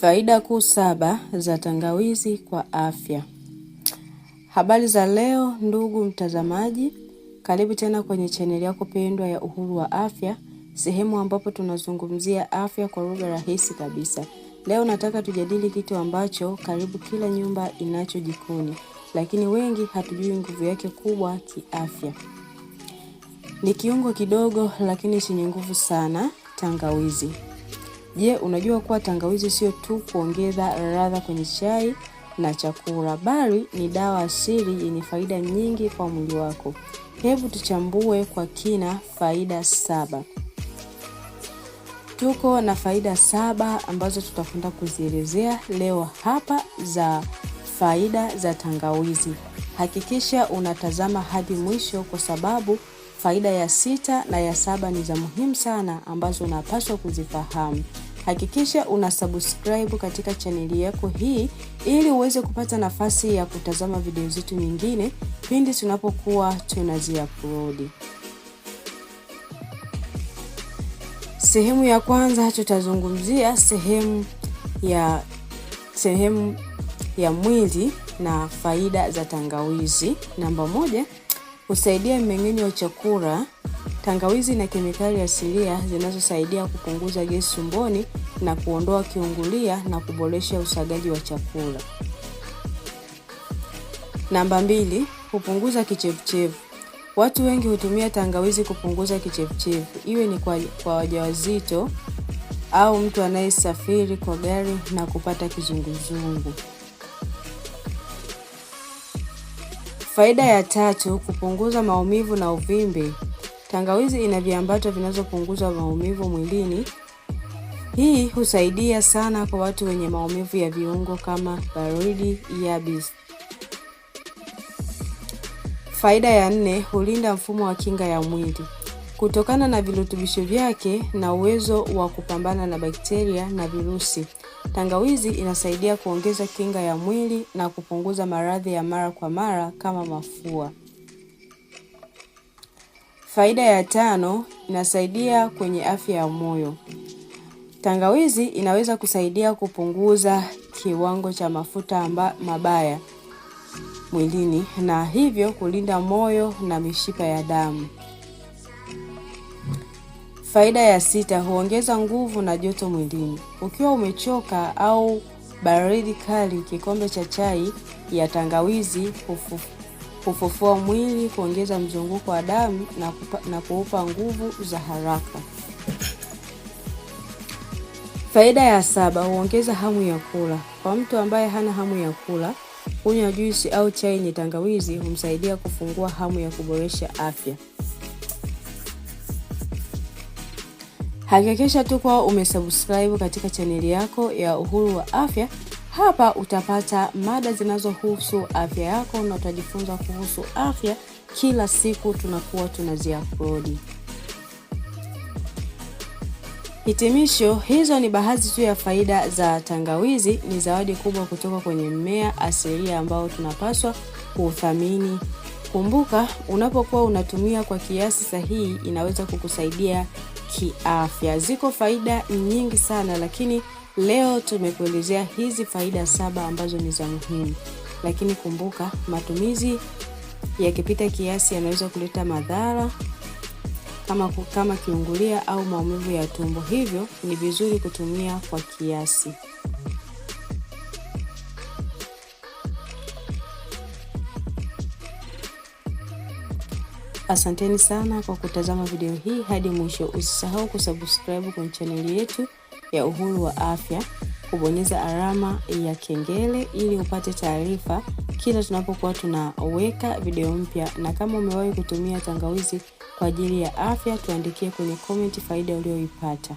Faida kuu saba za tangawizi kwa afya. Habari za leo, ndugu mtazamaji, karibu tena kwenye chaneli yako pendwa ya Uhuru wa Afya, sehemu ambapo tunazungumzia afya kwa lugha rahisi kabisa. Leo nataka tujadili kitu ambacho karibu kila nyumba inacho jikoni, lakini wengi hatujui nguvu yake kubwa kiafya. Ni kiungo kidogo lakini chenye nguvu sana, tangawizi. Je, unajua kuwa tangawizi sio tu kuongeza ladha kwenye chai na chakula bali ni dawa asili yenye faida nyingi kwa mwili wako. Hebu tuchambue kwa kina faida saba. Tuko na faida saba ambazo tutakwenda kuzielezea leo hapa za faida za tangawizi. Hakikisha unatazama hadi mwisho kwa sababu faida ya sita na ya saba ni za muhimu sana ambazo unapaswa kuzifahamu. Hakikisha una subscribe katika chaneli yako hii ili uweze kupata nafasi ya kutazama video zetu nyingine pindi tunapokuwa tunaziaplodi Sehemu ya kwanza tutazungumzia sehemu ya sehemu ya mwili na faida za tangawizi. Namba moja, husaidia mmeng'enyo wa chakula Tangawizi na kemikali asilia zinazosaidia kupunguza gesi tumboni na kuondoa kiungulia na kuboresha usagaji wa chakula. Namba mbili, kupunguza kichevuchevu Watu wengi hutumia tangawizi kupunguza kichevuchevu iwe ni kwa, kwa wajawazito au mtu anayesafiri kwa gari na kupata kizunguzungu. Faida ya tatu, kupunguza maumivu na uvimbe. Tangawizi ina viambato vinazopunguza maumivu mwilini. Hii husaidia sana kwa watu wenye maumivu ya viungo kama baridi, yabis. Faida ya nne, hulinda mfumo wa kinga ya mwili kutokana na virutubisho vyake na uwezo wa kupambana na bakteria na virusi. Tangawizi inasaidia kuongeza kinga ya mwili na kupunguza maradhi ya mara kwa mara kama mafua. Faida ya tano, inasaidia kwenye afya ya moyo. Tangawizi inaweza kusaidia kupunguza kiwango cha mafuta amba, mabaya mwilini na hivyo kulinda moyo na mishipa ya damu. Faida ya sita, huongeza nguvu na joto mwilini. Ukiwa umechoka au baridi kali, kikombe cha chai ya tangawizi hufu kufufua mwili, kuongeza mzunguko wa damu na, na kuupa nguvu za haraka. Faida ya saba, huongeza hamu ya kula. Kwa mtu ambaye hana hamu ya kula, kunywa juisi au chai yenye tangawizi humsaidia kufungua hamu ya kuboresha afya. Hakikisha tu kuwa umesubscribe katika chaneli yako ya Uhuru wa Afya hapa utapata mada zinazohusu afya yako na utajifunza kuhusu afya kila siku, tunakuwa tunaziaplodi. Hitimisho, hizo ni baadhi tu ya faida za tangawizi. Ni zawadi kubwa kutoka kwenye mmea asilia ambao tunapaswa kuuthamini. Kumbuka, unapokuwa unatumia kwa kiasi sahihi, inaweza kukusaidia kiafya. Ziko faida nyingi sana, lakini Leo tumekuelezea hizi faida saba ambazo ni za muhimu, lakini kumbuka, matumizi yakipita kiasi yanaweza kuleta madhara kama, kama kiungulia au maumivu ya tumbo, hivyo ni vizuri kutumia kwa kiasi. Asanteni sana kwa kutazama video hii hadi mwisho. Usisahau kusubscribe kwenye chaneli yetu ya Uhuru wa Afya, kubonyeza alama ya kengele ili upate taarifa kila tunapokuwa tunaweka video mpya. Na kama umewahi kutumia tangawizi kwa ajili ya afya, tuandikie kwenye komenti faida uliyoipata.